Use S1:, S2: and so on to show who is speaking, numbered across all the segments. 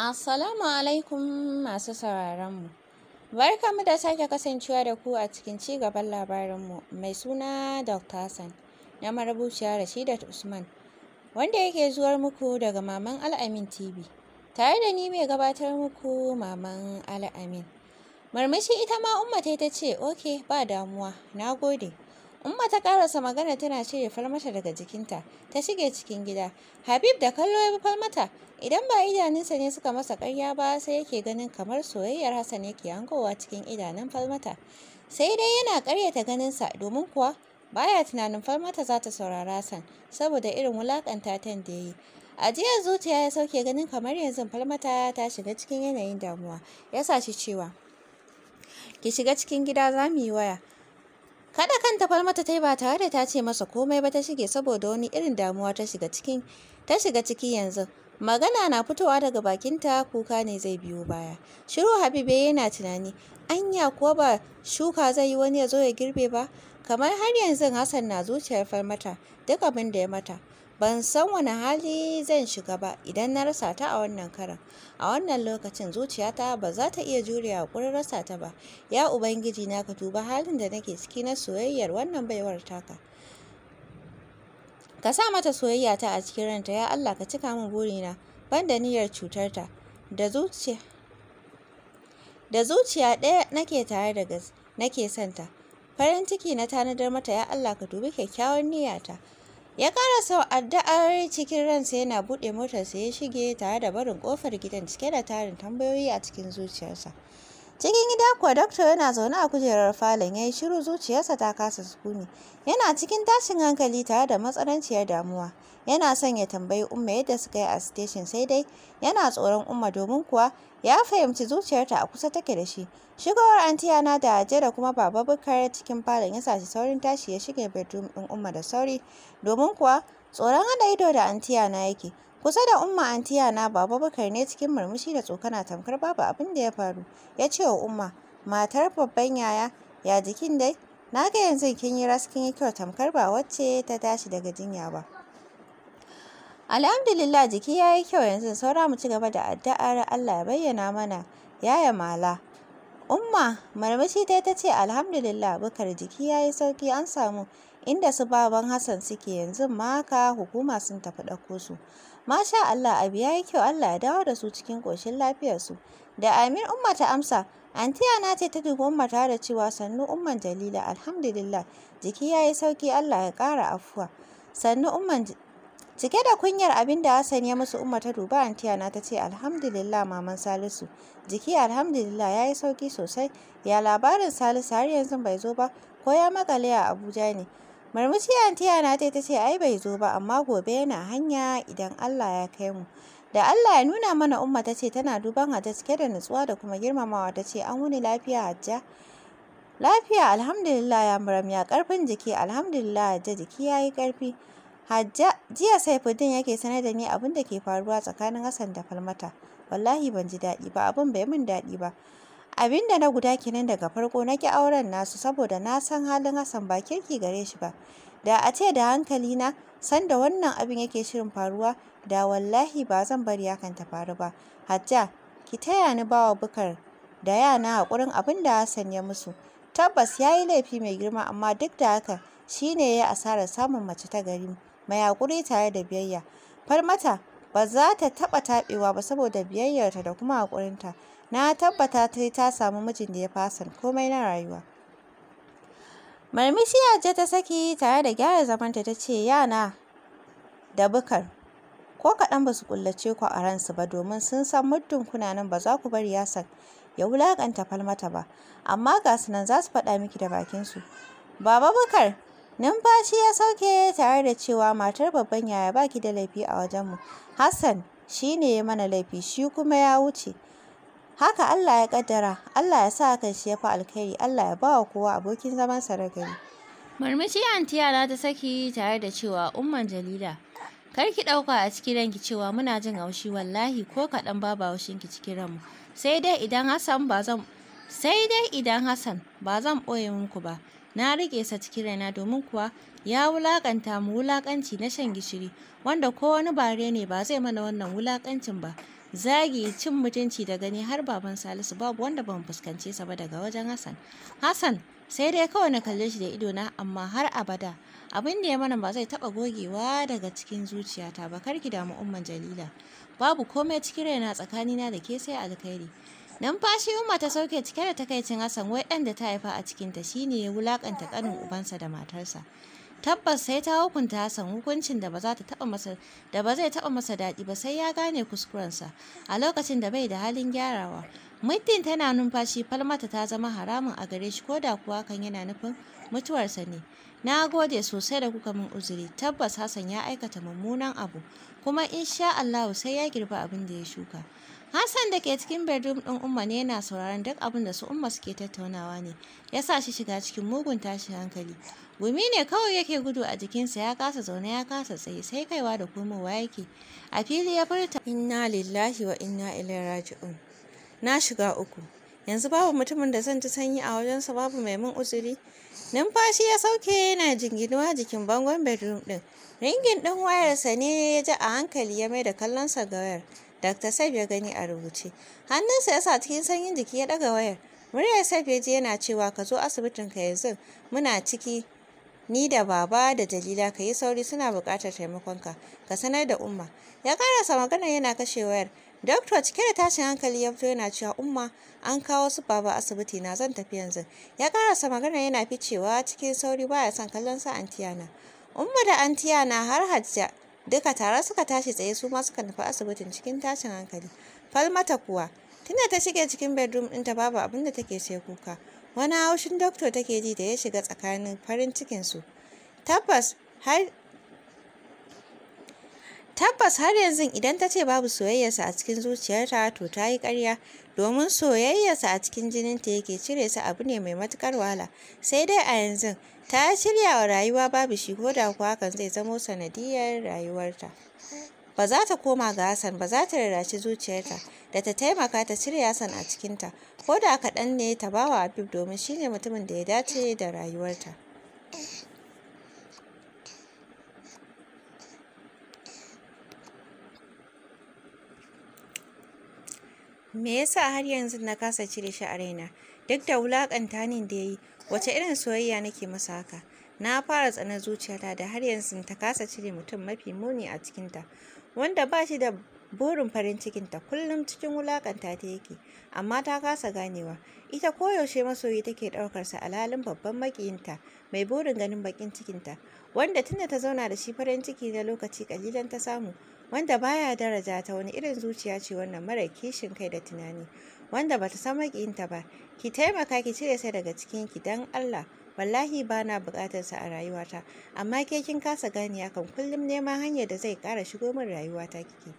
S1: Assalamu alaikum masu sauraronmu. Barkanmu da sake kasancewa da ku a cikin ci gaban labarinmu mai suna Dr. Hassan na marubuciya Rashidat Usman wanda yake zuwar muku daga Maman Al'amin TV tare da ni mai gabatar muku Maman Al'amin. Marmashi ita ma ummata ta ce, "Oke, ba damuwa, na gode." Umma ta karasa magana tana cire falmata daga jikinta, ta shige cikin gida. Habib da kallo ya bi falmata, idan ba idanunsa ne suka masa karya ba sai yake ganin kamar soyayyar Hassan yake hangowa cikin idanun falmata. Sai dai yana ƙaryata ganinsa domin kuwa baya tunanin falmata za ta saurara san, saboda irin wulakanta tan da ya yi. Ajiyar zuciya ya sauke ganin kamar yanzu falmata ta shiga cikin yanayin damuwa. Ya sa shi cewa, ki shiga cikin gida za mu yi waya. Kada kanta falmata ta yi ba tare da ta ce masa komai ba ta shige saboda wani irin damuwa ta shiga cikin ta shiga ciki yanzu. Magana na fitowa daga bakinta kuka ne zai biyo baya. Shiru Habibe yana tunani, anya kuwa ba shuka zai yi wani ya zo ya girbe ba? Kamar har yanzu Hassan na zuciyar falmata, duk abin da ya mata. Ban san wani hali zan shiga ba idan na rasa ta a wannan karan. A wannan lokacin zuciyata ba za ta iya jure haƙurin rasa ta ba. Ya Ubangiji na ka duba halin da nake ciki na soyayyar wannan baiwar taka. Ka sa mata soyayya ta a cikin ranta ya Allah ka cika min burina ban da niyyar cutar ta. Da zuciya da zuciya ɗaya nake tare da gas nake santa. Farin ciki na tanadar mata ya Allah ka dubi kyakkyawar niyyata. ya kara sau addu'ar cikin ransa yana buɗe motarsa ya shige tare da barin ƙofar gidan cike da tarin tambayoyi a cikin zuciyarsa cikin gida kuwa doctor yana zaune a kujerar falon ya yi shiru zuciyarsa ta kasa sukuni yana cikin tashin hankali tare da matsananciyar damuwa yana son ya tambayi umma yadda suka yi a station sai dai yana tsoron umma domin kuwa ya fahimci zuciyarta a kusa take da shi shigowar antiya na da aje da kuma baba bukare cikin falon ya sashi saurin tashi ya shiga bedroom din umma da sauri domin kuwa tsoron hada ido da antiya na yake kusa da umma antiya na baba bukar ne cikin murmushi da tsokana tamkar babu abin da ya faru ya ce wa umma matar babban yaya ya jikin dai na ga yanzu kin yi raskin kyau tamkar ba wacce ta tashi daga jinya ba Alhamdulillah jiki ya yi kyau yanzu saura mu ci gaba da addu'ar Allah ya bayyana mana yaya mala. Umma marmashi dai ta ce alhamdulillah bukar jiki ya yi sauki an samu inda su baban Hassan suke yanzu ma haka hukuma sun tafi ɗauko su. Masha Allah abu ya yi kyau Allah ya dawo da su cikin ƙoshin lafiyarsu. Da Amin Umma ta amsa Antiya na ce ta dubi Umma ta da cewa sannu Umman Jalila alhamdulillah jiki ya yi sauki Allah ya ƙara afuwa. Sannu Umman Cike da kunyar abin da Hassan ya musu Umma ta duba antiyana ta ce alhamdulillah maman Salisu. Jiki alhamdulillah ya yi sauki sosai. Ya labarin Salisu har yanzu bai zo ba ko ya makale a Abuja ne. Marmuci antiyana ta ta ce ai bai zo ba amma gobe yana hanya idan Allah ya kai mu. Da Allah ya nuna mana Umma ta ce tana duban Hajja cike da nutsuwa da kuma girmamawa ta ce an wuni lafiya Hajja. Lafiya alhamdulillah ya muram ya karfin jiki alhamdulillah Hajja jiki ya yi karfi. Hajja, jiya Saifuddin yake sanar da ni abin da ke faruwa tsakanin Hassan da Falmata. Wallahi ban ji daɗi ba, abin bai min daɗi ba. Abin da na guda kenan daga farko na ki auren nasu saboda na san halin Hassan ba kirki gare shi ba. Da a ce da hankali na san da wannan abin yake shirin faruwa, da wallahi ba zan bari hakan ta faru ba. Hajja, ki taya ni bawa bukar da yana haƙurin abin da Hassan ya musu. Tabbas ya yi laifi mai girma amma duk da haka shi ne ya yi asarar samun mace ta gari. mai haƙuri tare da biyayya. Falmata ba za ta taɓa taɓewa ba saboda biyayyarta da kuma haƙurinta. Na tabbata ta ta samu mijin da ya fasa komai na rayuwa. Marmishi je ta saki tare da gyara zamanta ta ce yana da bukar ko kaɗan ba su ƙullace ku a ransu ba domin sun san muddin kuna nan ba za ku bari yasan ya wulaƙanta falmata ba amma ga su nan za su faɗa miki da bakinsu. Baba Bukar Numfashi ya sauke tare da cewa matar babban yaya ba ki da laifi a wajenmu. Hassan shi ne ya mana laifi shi kuma ya wuce. Haka Allah ya kaddara, Allah ya sa kan shi ya fi alkhairi, Allah ya ba wa kowa abokin zamansa na gari. Murmushi anti ta saki tare da cewa umman Jalila. Kar ki ɗauka a cikin ranki cewa muna jin haushi wallahi ko kaɗan babu haushinki cikin ranmu. Sai dai idan Hassan ba zan sai dai idan Hassan ba zan ɓoye muku ba. na rike sa cikin raina domin kuwa ya wulakanta mu wulakanci na shan gishiri wanda ko wani bare ne ba zai mana wannan wulakancin ba zagi cin mutunci da gani har baban salisu babu wanda ban fuskance sa ba daga wajen hassan hassan sai dai kawai na kalle shi da ido na amma har abada abin da ya mana ba zai taɓa gogewa daga cikin zuciyata ba karki damu umman jalila babu komai cikin raina tsakanina da ke sai alkhairi Numfashi Umma ta sauke cike da takaicin Hassan wai ɗan da ta haifa a cikinta shine ya wulakanta ƙanin ubansa da matarsa. Tabbas sai ta hukunta Hassan hukuncin da ba za ta taba masa da ba zai taɓa masa daɗi ba sai ya gane kuskurensa a lokacin da bai da halin gyarawa. Muddin tana numfashi falmata ta zama haramun a gare shi ko da kuwa kan yana nufin mutuwarsa ne. Na gode sosai da kuka min uzuri, tabbas Hassan ya aikata mummunan abu, kuma insha Allahu sai ya girba abin da ya shuka. Hassan da ke cikin bedroom ɗin Umma ne yana sauraron duk abin da su Umma suke tattaunawa ne. Ya sa shi shiga cikin mugun tashin hankali. Gumi ne kawai yake gudu a jikinsa ya kasa zaune ya kasa tsaye sai kaiwa da komowa yake. A fili ya furta inna lillahi wa inna ilaihi raji'un. Na shiga uku. Yanzu babu mutumin da zan ji sanyi a wajensa babu mai min uzuri. Numfashi ya sauke yana jinginuwa jikin bangon bedroom ɗin. Ringin ɗin wayarsa ne ya ji a hankali ya mai da kallonsa ga wayar. Dr. Saif ya gani a rubuce. Hannunsa ya sa cikin sanyin jiki ya ɗaga wayar. Muryar Saif ya ji yana cewa ka zo asibitin ka yanzu muna ciki ni da baba da Jalila ka yi sauri suna buƙatar taimakon ka Ka sanar da umma. Ya karasa magana yana kashe wayar. Dokta cike da tashin hankali ya fito yana cewa umma an kawo su baba asibiti na zan tafi yanzu. Ya karasa magana yana ficewa cikin sauri baya son kallon sa antiyana. Umma da antiyana har hajja duka tare suka tashi tsaye su ma suka nufi asibitin cikin tashin hankali falmata kuwa tunda ta shige cikin bedroom ɗinta babu abin da take sai kuka wani haushin doctor take ji da ya shiga tsakanin farin cikin su tabbas har Tabbas har yanzu idan ta ce babu soyayyarsa a cikin zuciyarta to ta yi ƙarya domin soyayyarsa a cikin jininta yake cire su abu ne mai matuƙar wahala. Sai dai a yanzu ta shirya wa rayuwa babu shi ko da kuwa hakan zai zamo sanadiyar rayuwarta. Ba za ta koma ga Hassan ba za ta rarraci zuciyarta da ta taimaka ta cire Hassan a cikinta ko da kaɗan ne ta bawa Habib domin shine mutumin da ya dace da rayuwarta. me yasa har yanzu na kasa cire shi a raina duk da wulakanta ni da yayi wace irin soyayya nake masa haka na fara tsana zuciyata da har yanzu ta kasa cire mutum mafi muni a cikinta wanda ba shi da burin farin cikinta kullum cikin wulakanta ta yake amma ta kasa ganewa ita koyaushe masoyi take sa alhalin babban makiyinta mai burin ganin bakin cikinta wanda tunda ta zauna da shi farin ciki na lokaci kalilan ta samu wanda baya daraja ta wani irin zuciya ce wannan mara kishin kai da tunani wanda bata san maƙiyinta ba ki taimaka ki cire sai daga cikin ki dan Allah wallahi ba na buƙatar sa a rayuwata amma ke kin kasa gani akan kullum neman hanyar da zai ƙara shigo min rayuwata kike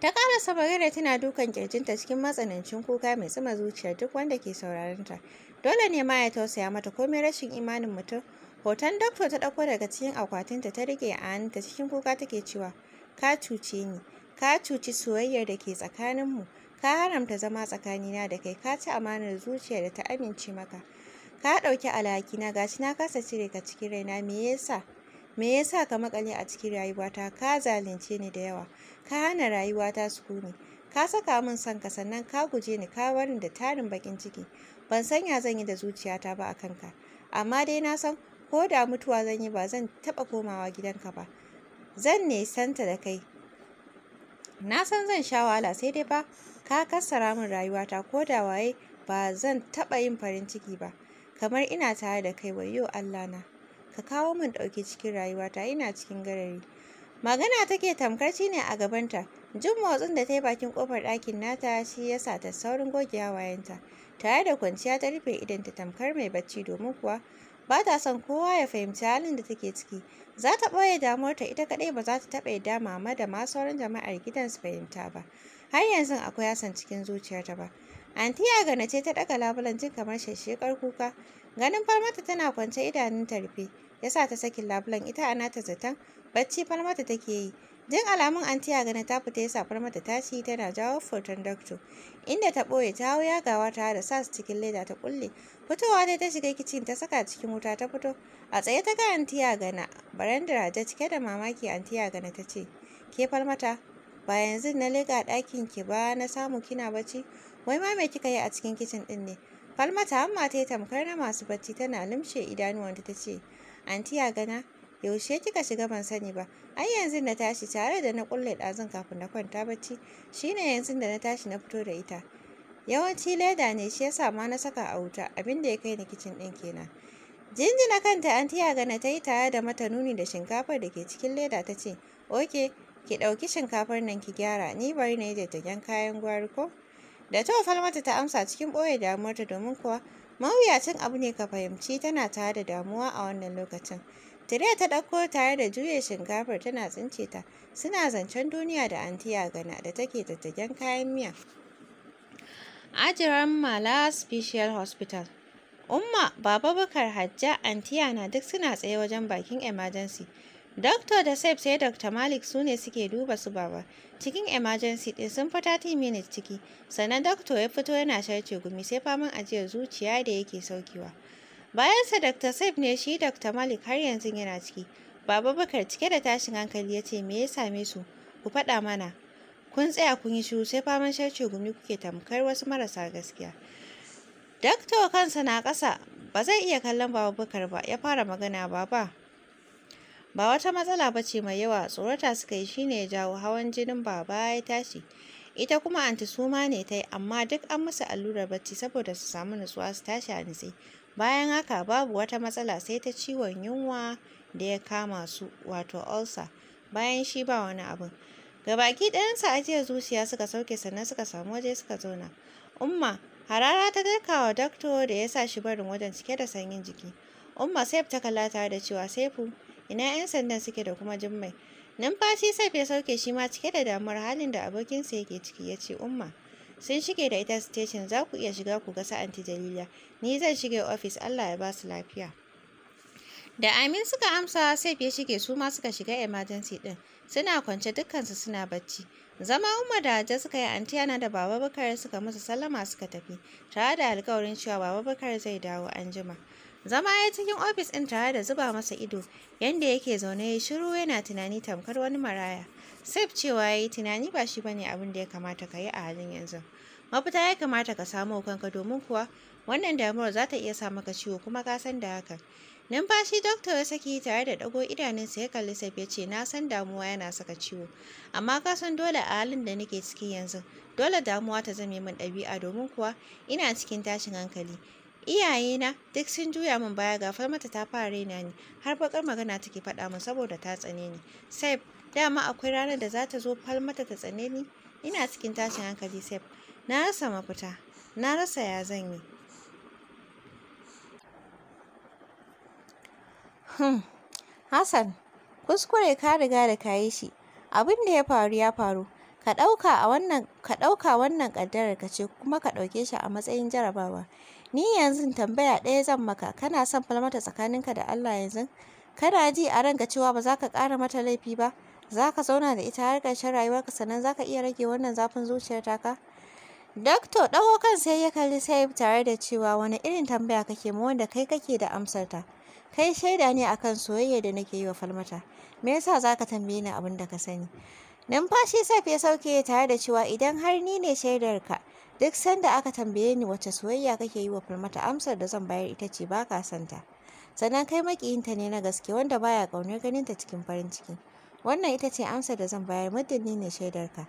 S1: ta ƙara da tana dukan kirjinta cikin matsanancin kuka mai tsima zuciyar duk wanda ke sauraron ta dole ne ma ya tausaya mata komai rashin imanin mutum hoton doctor ta ɗauko daga cikin akwatinta ta riƙe a hannunta cikin kuka take cewa ka cuce ni ka cuci soyayyar da ke tsakaninmu ka haramta zama tsakanina da kai ka ci amanar zuciya da ta amince maka ka ɗauki alhakina gashi na kasa cire ka cikin raina me yasa me yasa ka makale a cikin rayuwata ka zalunce ni da yawa ka hana rayuwata sukuni ka saka min son ka sannan ka guje ni ka barin da tarin bakin ciki ban san ya zan yi da zuciyata ba a kanka amma dai na san ko da mutuwa zan yi ba zan taɓa komawa gidanka ba zan nesanta da kai na san zan sha wahala sai dai fa ka kassara min rayuwata ko da waye ba zan taɓa yin farin ciki ba kamar ina tare da kai wayo Allah na ka kawo min ɗauki cikin rayuwata ina cikin garari magana take tamkar shi ne a gabanta jin motsin da ta yi bakin kofar ɗakin nata shi ya sa ta saurin goge hawayenta tare da kwanciya ta rufe idanta tamkar mai bacci domin kuwa ba ta son kowa ya fahimci halin da take ciki za ta ɓoye damuwarta ita kaɗai ba za ta taɓa yadda mama da ma sauran jama'ar gidan su fahimta ba har yanzu akwai hassan cikin zuciyarta ba anti ya gana ce ta ɗaga labulen jin kamar shashshekar kuka ganin falmata tana kwance idanun ta rufe yasa ta sakin labulen ita a nata zaton bacci falmata take yi Jin alamun antiya gani ta fita ya safar mata tashi tana jawo furtan dakto. Inda ta ɓoye ta hau ya yagawa ta da sas cikin leda ta kulle. Fitowa dai ta shiga kicin ta saka cikin wuta ta fito. A tsaye ta ga antiya gana. Barandar Raja cike da mamaki antiya gana ta ce, Ke falmata, ba yanzu na a ɗakin ki ba na samu kina bacci. Wai ma me kika yi a cikin kicin ɗin ne? Falmata amma ta yi tamkar na masu bacci tana limshe idanuwanta ta ce, Antiya gana, yaushe kika shiga ban sani ba ai yanzu na tashi tare da na kulle ɗazun kafin na kwanta bacci shine yanzu da na tashi na fito da ita yawanci leda ne shi yasa ma na saka a wuta abin da ya kai ni kicin ɗin kenan jinjina kanta an antiya ga na yi tare da mata nuni da shinkafar da ke cikin leda ta ce oke ki ɗauki shinkafar nan ki gyara ni bari na yi jajjagen kayan gwari ko da to falmata ta amsa cikin ɓoye damuwarta domin kuwa mawuyacin abu ne ka fahimci tana tare da damuwa a wannan lokacin Tire ta ɗauko tare da juya shinkafar tana tsince ta. Suna zancen duniya da antiya gana da take tattagen kayan miya. Ajiran Mala Special Hospital. Umma, Baba Bakar Hajja, Antiya na duk suna tsaye wajen bakin emergency. Dokta da Saif sai dokta Malik su ne suke duba su baba. Cikin emergency ɗin sun fi 30 minutes ciki, sannan dokta ya fito yana sharce gumi sai faman ajiyar zuciya da yake saukewa. bayansa dr saif ne shi dr malik har yanzu yana ciki baba bakar cike da tashin hankali ya ce me ya same su ku faɗa mana kun tsaya kun yi shiru sai faman sharce gumi kuke tamkar wasu marasa gaskiya dakto kansa na ƙasa ba zai iya kallon baba bakar ba ya fara magana baba ba wata matsala ba ce mai yawa tsorata suka yi shine ya jawo hawan jinin baba ya tashi ita kuma anti suma ne ta yi amma duk an masa allurar bacci saboda su samu nutsuwa su tashi a nutse Bayan haka babu wata matsala sai ta ciwon yunwa da ya kama su wato ulcer bayan shi ba wani abin. Gabaki ɗayansa ajiyar zuciya suka sauke sannan suka samu waje suka zauna. Umma harara ta daka wa dakto da ya sa shi barin wajen cike da sanyin jiki. Umma Saif ta kalla tare da cewa Saifu ina 'yan sandan suke da kuma Jummai. Numfashi Saif ya sauke shi ma cike da damuwar halin da abokinsa yake ciki ya ce Umma sun shige da ita station za ku iya shiga ku ga anti jalila ni zan shige ofis allah ya ba su lafiya da amin suka amsa sai ya shige su ma suka shiga emergency din suna kwance dukkansu suna bacci zama umma da hajja suka yi yana da baba bakar suka musu sallama suka tafi tare da alkawarin cewa baba bakar zai dawo anjima zama ya cikin ofis ɗin tare da zuba masa ido yadda yake zaune ya shiru yana tunani tamkar wani maraya sef cewa ya yi tunani ba shi bane abin da ya kamata ka yi a halin yanzu. Mafita ya kamata ka samu kanka domin kuwa wannan damuwar za ta iya sa maka ciwo kuma ka san da hakan. Numfashi doktor ya saki tare da ɗago idanunsa ya kalli sef ya ce na san damuwa yana saka ciwo amma ka san dole a halin da nake cikin yanzu dole damuwa ta zame min ɗabi'a domin kuwa ina cikin tashin hankali. Iyayena duk sun juya min baya ga mata ta fara raina ni har bakar magana take faɗa min saboda ta tsane ni. sef dama akwai ranar da za ta zo falmata ta tsane ni ina cikin tashin hankali sef na rasa mafita na rasa ya zan yi hmm. hassan kuskure ka riga da kayi shi abin da ya faru ya faru ka ɗauka wannan ka ƙaddarar ka ce kuma ka ɗauke shi a matsayin jarabawa ni yanzu tambaya ɗaya zan maka kana son falmata tsakaninka da Allah yanzu kana ji a ranka cewa ba za ka ƙara mata laifi ba za ka zauna da ita har ƙarshen rayuwarka sannan za ka iya rage wannan zafin zuciyar taka dakto ɗauko kan sai ya kalli saif tare da cewa wani irin tambaya kake mu wanda kai kake da amsarta kai shaida ne akan soyayya da nake yi wa falmata me yasa za ka tambaye ni abin da ka sani numfashi saif ya sauke tare da cewa idan har ni ne shaidarka duk sanda aka tambaye ni wace soyayya kake yi wa falmata amsar da zan bayar ita ce ba ka santa sannan kai makiyinta ne na gaske wanda baya ƙaunar ganinta cikin farin ciki Wannan ita ce amsa da zan bayar muddin ni ne shaidarka.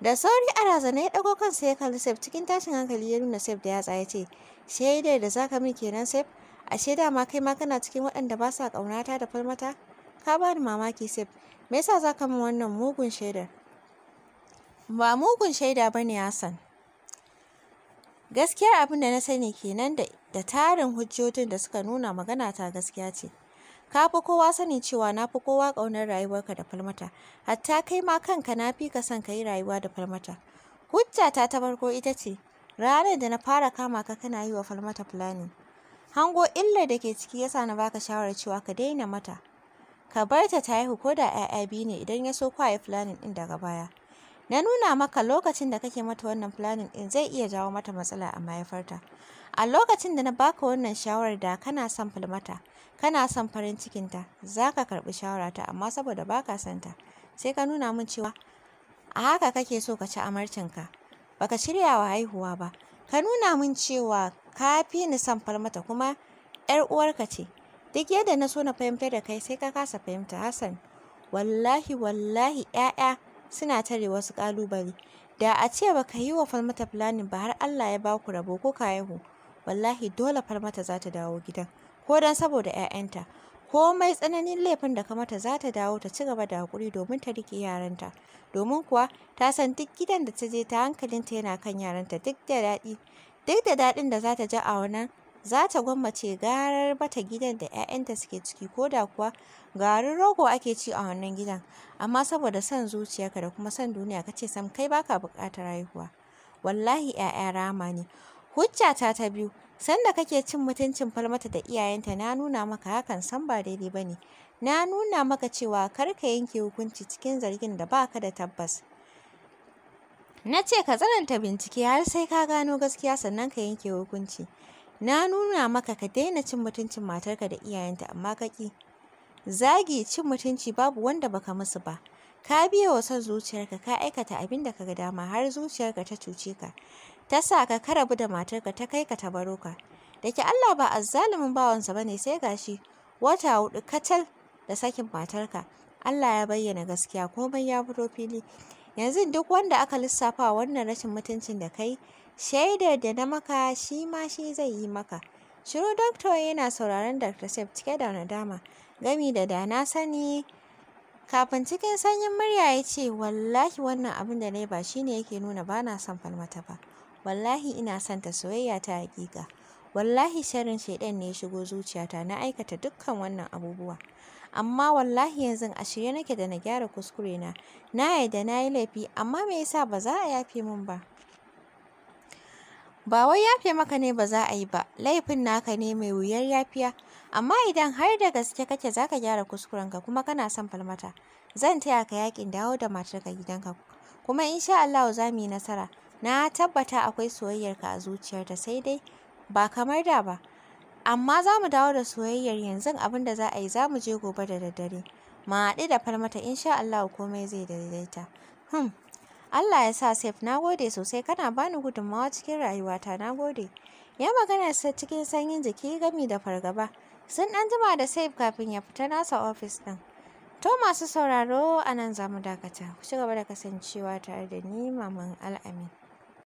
S1: Da sauri a razana ya ɗago kansa ya kalli Sef cikin tashin hankali ya nuna Sef da yatsa ya ce, Shaidar da za ka min kenan a shaida ma kai ma kana cikin waɗanda ba sa ƙaunata da falmata? Ka ba ni mamaki Sef, me yasa za ka min wannan mugun shaidar? Ba mugun shaida ba ne Hassan. Gaskiyar abin da na sani kenan da tarin hujjojin da suka nuna magana ta gaskiya ce. ka fi kowa sani cewa na fi kowa ƙaunar rayuwarka da falmata hatta kai ma kanka na fi ka son ka yi rayuwa da falmata hujja ta ta farko ita ce ranar da na fara kama ka kana yi wa falmata fulani hango illar da ke ciki yasa na baka shawarar cewa ka daina mata ka bar ta ta haihu ko da 'ya'ya biyu ne idan ya so kwaye fulanin ɗin daga baya na nuna maka lokacin da kake mata wannan fulanin ɗin zai iya jawo mata matsala a mahaifarta a lokacin da na baka wannan shawarar da kana son falmata kana son farin cikinta za ka karɓi ta amma saboda ba ka son ta sai ka nuna min cewa a haka kake so ka ci amarcinka baka shirya wa haihuwa ba ka nuna min cewa ka fi ni son falmata kuma yar uwarka ce duk yadda na so na fahimtar da kai sai ka kasa fahimta hassan wallahi wallahi 'ya'ya suna tare wasu ƙalubale da a ce ba ka yi wa falmata planning ba har allah ya baku rabo ko ka haihu wallahi dole falmata za ta dawo gidan ko don saboda 'ya'yanta komai tsananin laifin da ka mata za ta dawo ta ci gaba da haƙuri domin ta riƙe yaranta domin kuwa ta san duk gidan da ta je ta hankalinta yana kan yaranta duk da daɗi duk da daɗin da za ta ji a wannan za ta gwammace garar bata gidan da 'ya'yanta suke ciki ko da kuwa garin rogo ake ci a wannan gidan amma saboda son zuciyarka da kuma son duniya ka ce sam kai baka buƙatar haihuwa wallahi 'ya'ya rama ne hujjata ta biyu Sanda kake cin mutuncin falmata da iyayenta na nuna maka hakan san ba daidai ba ne. Na nuna maka cewa kar ka yanke hukunci cikin zargin da baka da tabbas. Na ce ka tsananta bincike har sai ka gano gaskiya sannan ka yanke hukunci. Na nuna maka ka daina cin mutuncin matarka da iyayenta amma kaki Zagi cin mutunci babu wanda baka musu ba. Ka biya wa son zuciyarka ka aikata abin da ka ga dama har zuciyarka ta cuce ka. ta sa ka karabu da matarka ta kai ka ta baro ka da ke Allah ba azzalumin bawansa bane sai gashi wata hudu katal da sakin matarka Allah ya bayyana gaskiya komai ya fito fili yanzu duk wanda aka lissafa wannan rashin mutuncin da kai shaidar da na maka shi ma shi zai yi maka shiru doctor yana sauraron dr sef cike da nadama gami da da na sani kafin cikin sanyin murya ya ce wallahi wannan abin da na yi ba shine yake nuna ba na son falmata ba Wallahi ina son ta soyayya ta haƙiƙa. Wallahi sharrin shaiɗan ne ya shigo zuciyata na aikata dukkan wannan abubuwa. Amma wallahi yanzu a shirye nake da na gyara kuskure Na na yarda na yi laifi amma me yasa ba za a yafe min ba? Ba wai yafe maka ne ba za a yi ba, laifin naka ne mai wuyar yafiya. Amma idan har da gaske kake za ka gyara kuskurenka kuma kana son falmata, zan taya ka yaƙin dawo da matarka gidanka kuma in sha Allahu za mu yi nasara. Na tabbata akwai soyayyarka a zuciyarta sai dai ba kamar da ba. Amma za mu dawo da soyayyar yanzu abin da za a yi za mu je gobe da daddare. ma haɗu da Falmata insha Allah, komai zai daidaita. Hmm. Allah ya sa Saif na gode sosai kana bani gudunmawa cikin rayuwata na gode. Ya magana sa cikin sanyin jiki gami da fargaba. Sun ɗan jima da Saif kafin ya fita nasa ofis ɗin. To masu sauraro a nan za mu dakata. Ku ci gaba da kasancewa tare da ni Maman Al'amin.